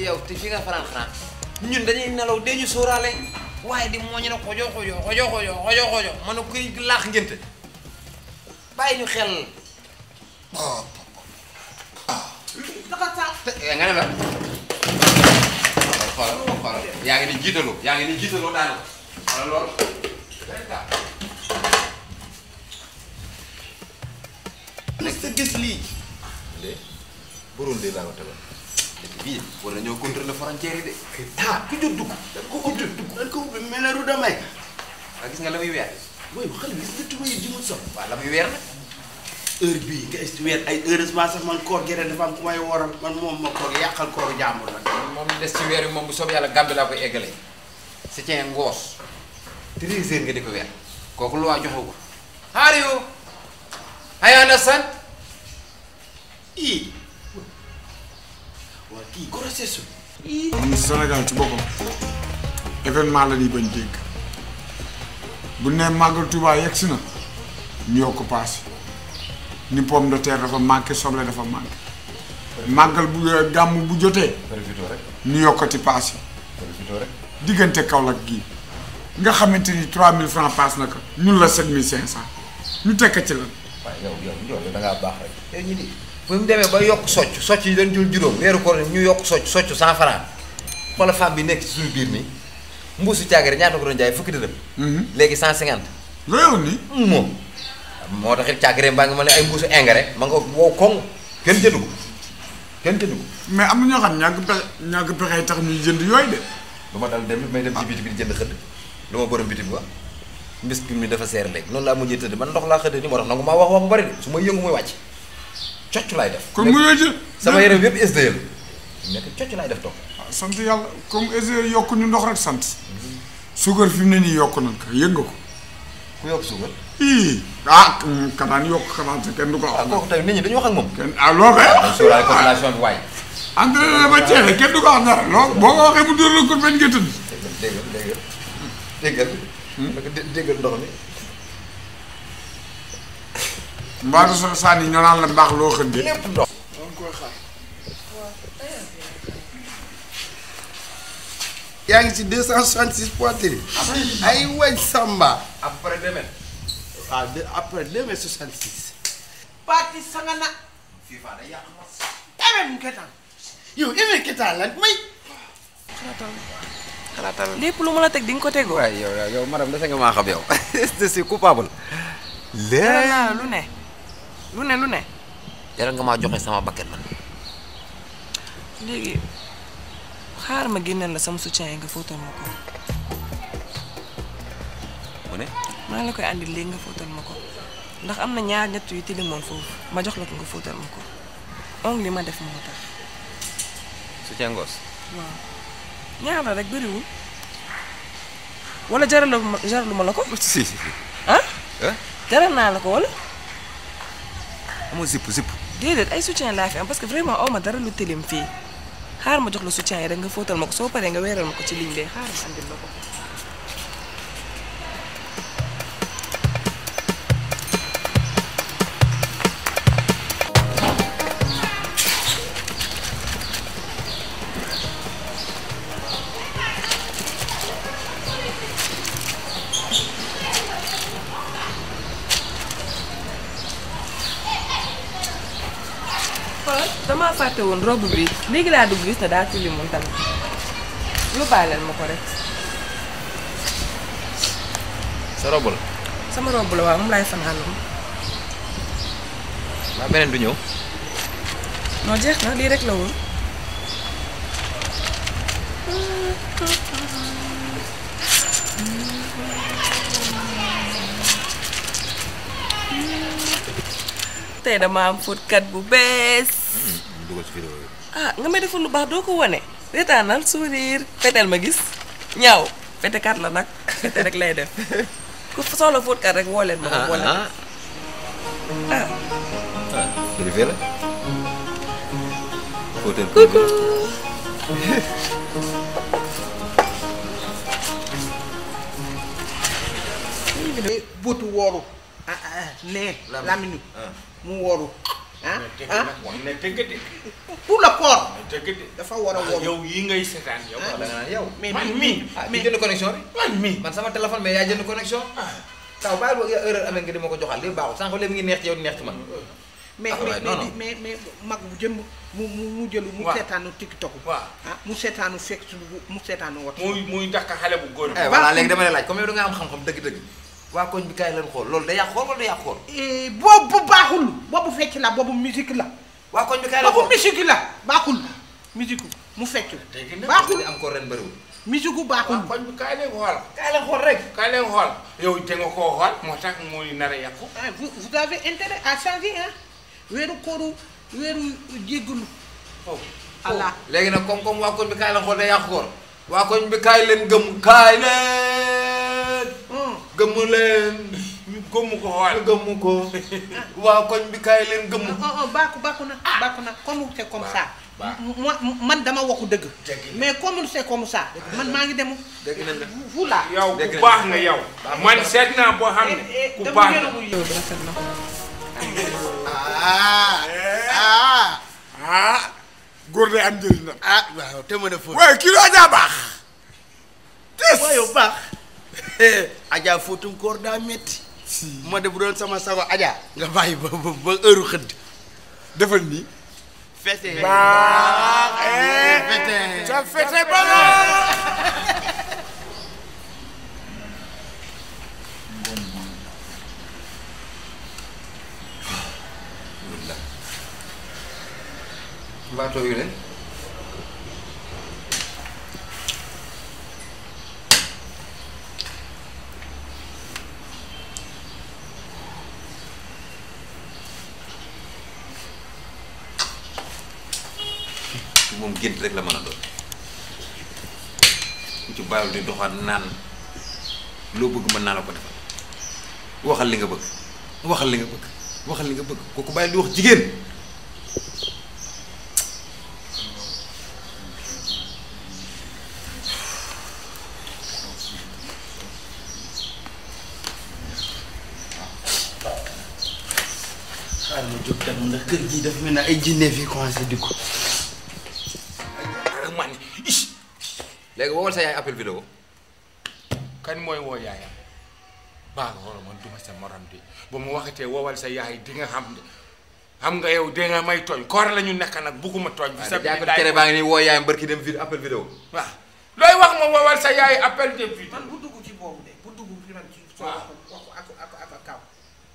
yow te fi nga faral France ñun dañuy nelaw dee ñu sóoraale waaye di moo ñu ne xojoo xojoo xojoo xojoo xojoo xojoo man kuy laax ngént bàyyi ñu xel. Eh, nga ne la. xoolal yaa ngi ni jiitaloo yaa ngi ni jiitaloo gis lii. de borom de fii war nañoo contrôler frontière yi de. ah ku jot dugg. dañ ko ubbi dugg dañ ko ubbi mel ne Rudamay. waa ah, gis nga la muy weer. mooy xale bi gis nga tuuma yi ji mu sol. waaw la muy weer nag. heure bii nga est weer ay heureusement sax man koor gerte dafa am ku may waral man moom ma koor yàqal kooru jàmbur nag. moom des ci weer bi moom bu soob yàlla gàmbi laa koy eggalee. si cee ngoos. treize heures nga di ko weer. kooku lu waa joxe ko. xaar yoo. aywa na sant. ii. waa kii grossesse su. am Sénégal ci boppam événement la ñuy bañ dégg bu ne màggal Touba yegg si na ñu yokk paas ni pomme de terre dafa manqué soble dafa manqué. màggal bu gàmm bu jotee. ñu yokkati paas yi. diggante Kaolack gii nga xamante ni 3000 francs paas na ko ñun la 7500 ñu tekk ci lan. waaw yow da baax bu mu demee ba yokk socc socc yi dañ jël juróom weeru koor ñu yokk socc cent franc wala femme bi nekk ci suñu biir nii mbuusu caagare ñaata ko doon jaay fukki dërëm. Mhm. léegi cent cinquante. loolu nii. Mm, moom moo taxit caagare mbaa ngi ma ne ay mbuusu engrais ma nga wow koŋ kenn jëndu ko kenn jëndu ko. mais am na ñoo xam ñàkk pexe ñàkk pexe tax ñuy jënd yooyu de. lu ma dal dem may dem ci ah. bi di jënd xëdd lu ma borom biti bi wax mbis mi dafa seer léegi noonu laa mujjee tëdd man ndox laa xëdd ni moo tax su may yëngu muy cocc laay def. comme mu yooyu sama yaram yëpp SDE la nekk cocc laay ah, sant yàlla comme SDE yokk ñu ndox rek sant. suukar fi mu ne nii yokk nañ ko yëg nga ko. ku yokk suukar. ii ah. kanaan yokk kanaan te kenn du ko. ah kooku tamit nit ñi dañu wax ak moom. loo koy. ah suuraale population bi waay. na loo ko waxee mu dóor la ko bañ nga tëdd. mbaatu sa sànni ñoo la mbaax loo xën ndox yaa ngi ci deux cent soixante six poitrine ay waj samba après demain waaw ah, de après demain soixante six parti sanga na FIFA day teg di ko tegoo waaye yow yow madame dasa nga maa xam yow je suis lu ne lu ne lu ne. jaral nga maa joxe sama bakket man. léegi xaar ma génneel la sama soutien yi nga fóotal ma ko. mu ne. ngi la koy andi léegi nga fóotal ma ko ndax am na ñaar ñett yu tilimoon foofu ma jox la ko nga fóotal ma ko ongle li ma def moo tax. soutien ngoos. waaw ñaar la rek bëriwul. wala jaraluma ma la ko. si ah? eh? jaral naa la ko wala. moo zipp zipp. déedéet ay soutien laa fi am parce que vraiment aw ma dara lu tilim fii xaar ma jox la soutien yi rek nga fóotal ma ko soo paree nga weeral ma ko ci ligne bi xaar ma andil la ko. xoolal damaa fàtte woon robe bi léegi laa dugg gis ne daa ci limoon tamit yóbbaaleel ma ko rek. sa robe la. sama robe la waaw moom laay fanaanoo. waaw beneen du ñëw. non jeex na lii rek la woon. tey dama am fóotkat bu bees. dugal ci vidéo yi. ah nga may defal lu baax doo ko wane. reetaanal sourire feteel ma gis ñaaw fetekat la nag fete rek lay def ku soxla leen. mu wooru. ah ah ne tëgg de. pour le corps. ne tëgg de dafa war a ah, wóor. yow yi ngay seetaan yow. ah da nga naan yow. mais man mii ah ki jënd connexion bi. man mii man sama téléphone mais yaa jënd connexion. Ah. taw bàyyi boo erreur amee nga di ma ko joxal léegi baaxul sànq léegi ngi neex ci yow neex ci man. Ah, mais mais mais mag bu jëm mu mu mu jëlu mu seetaanu tiktok waaw ah mu seetaanu Facebook mu seetaanu wat muy muy dàq xale bu góor. Eh, eh, voilà léegi dama lay laaj comme yow da nga am xam-xam dëgg-dëgg waa koñ bi kaay leen xool loolu day yàq xool wala day yàq xool. Eh, boobu baaxul boobu fecc la boobu musique la. waa koñ bi kaay leen xool mu fecc. baaxul am ko ren bëriwul. musique baaxul koñ bi kaay leen xool. yow te nga koo xool moo tax muy nar a yàqu. Ah, vous vous avez à changer ah. weeru kóoru weeru jéggulu. allah oh. oh. léegi nag comme comme waa koñ bi kaay leen xool day yàq koor. waa koñ bi kaay leen gëm kaay leen. gëmm leen. ñu gëmm ko waaye. gëmm ko waa koñ bi kaay leen gëmm. Oh, oh, bàkku bàkku nag ah! bàkku nag comme c'est comme ça. man dama waxu dëgg. mais comme c'est comme ça. man maa ngi dem. dëgg nañ la voilà. yow ku baax nga yow. man seet naa boo xam ne eh, eh, ku baax nga. ah eh? ah. ah. góor day am njëriñ la. ah waaw te mën a fóot. waaye kii laa daa baax. te waaye baax. Adja fóotum koor daa metti ma def bu doon sama sago Adja. nga bàyyi ba ba ba xëdd. defal nii. fete baax fete ba plateau parce que moom gént rek la mën a doon ku ci bàyyil di doxaan naan loo bëgg mën naa la ko defal waxal li nga bëgg waxal li nga bëgg waxal kooku bàyyil di wax jigéen xaaral ma jóg tam ndax kër gi dafa mel ne ay jinne fi commencé di léegi woowal sa yaay appel vidéo kan mooy woo yaayam baa xoolal man duma sa morom di ba mu waxatee woowal sa yaay di nga xam ne xam nga yow dégg nga may tooñ koor la ñu nekk nag bugguma tooñ. bi sa biir laay tere baa ngi nii woo yaayam ki dem vidéo appel vidéo. waaw looy wax ma woowal sa yaay appel dem vidéo. man bu dugg ci boobu de bu dugg ci man. ak ak ak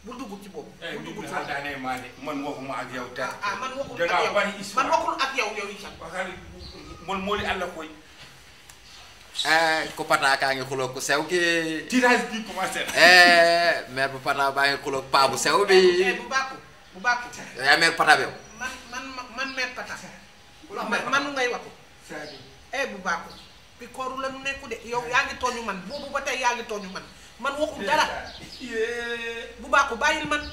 boobu. Eh, bu ah, man waxuma ak yow. ah, ah man waxul ak yow man waxul moo di àll koy. Eh, ku pata kaa ngi xuloog ku sew kii. tirage bi commencé eh, bu pata baa ngi xuloog paa bu sew bi. Eh, bu bàkku bu bàkku. yaa maire pata bi man man man maire pata. man ngay wax. eh bu bàkku. bi kooru la nu nekku yow yaa ngi man ba tey yaa ngi tooñu man man waxul dara. bu bàkku bàyyil man.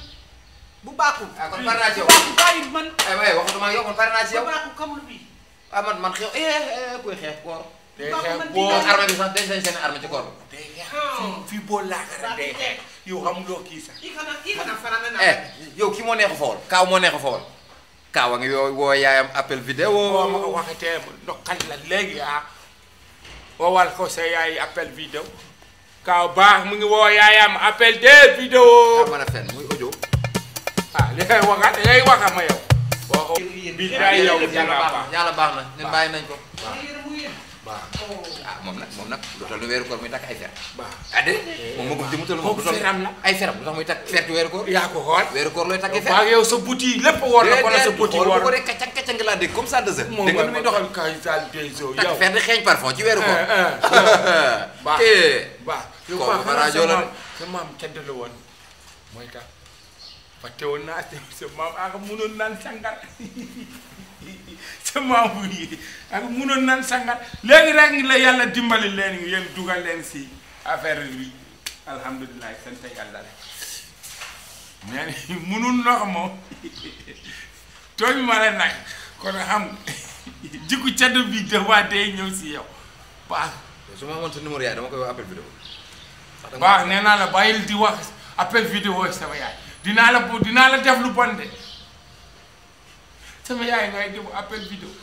bu bàkku. ah kon pare naa ci yow bu bàyyil man. Ah, man man kuy xeex koor. day xeex boo arme bi sax denc nañ seen arme ci koor bi. day xeex fii boo laaka rek day xeex yow xamuloo kii sax. yow kii moo neexu a fawal kaaw moo neex a fawal. kaaw a ngi woo yaayam appel vidéo. waaw ma ko waxatee ndokkal léegi ah. woowal ko yaay appel vidéo. kaaw baax mu ngi woo yaayam appel a ma yow. bii daay yow yàlla baax na yàlla baax na ñun bàyyi nañ ko waaw ah moom nag moom nag lu toll ni weeru koor muy takk ay fer. waaw ah déedéet eh, moom moo ko jëmutal moom lu toll feram la ay feram lu tax muy takk fer ci weeru koor. yaa ko xool weeru koor looy takkee fer. waaw yow sa buti lépp sa buti woor ko de kacang kacang laa takk fer di xeeñ parfum ci weeru koor. Eh, eh, baax baax yow baax na rajo la sa maam cedd woon mooy ka fàtte woon naa sa maam ah mënoon naan sangar te maamu yi ak munoon nan sangat léegi rek la yàlla dimbali leen yéen dugal leen si affaire bi alhamdulilah sant yàlla rek mais munul ndox moom tooñ ma la nag kon xam jikku caddu bi dafaa dee ñëw si yow baax. su ma amoon sa numéro yaay dama koy wax appel vidéo. baax nee naa la bàyyil di wax appel vidéo sama yaay dinaa la bu dinaa la def lu bon de. sa yaay ngay def appel vidéo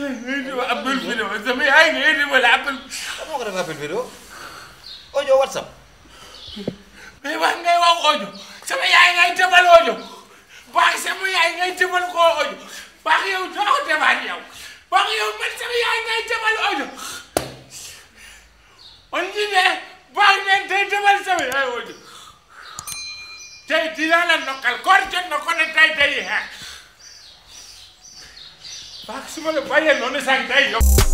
yaay ngay def appel vidéo sama yaay nga ko def appel vidéo audio whatsapp. mais ngay wax audio sama yaay ngay tebal audio baax sama yaay ngay tebal koo audio baax yow doo ko tebaat yow baax le vayan, no les hagan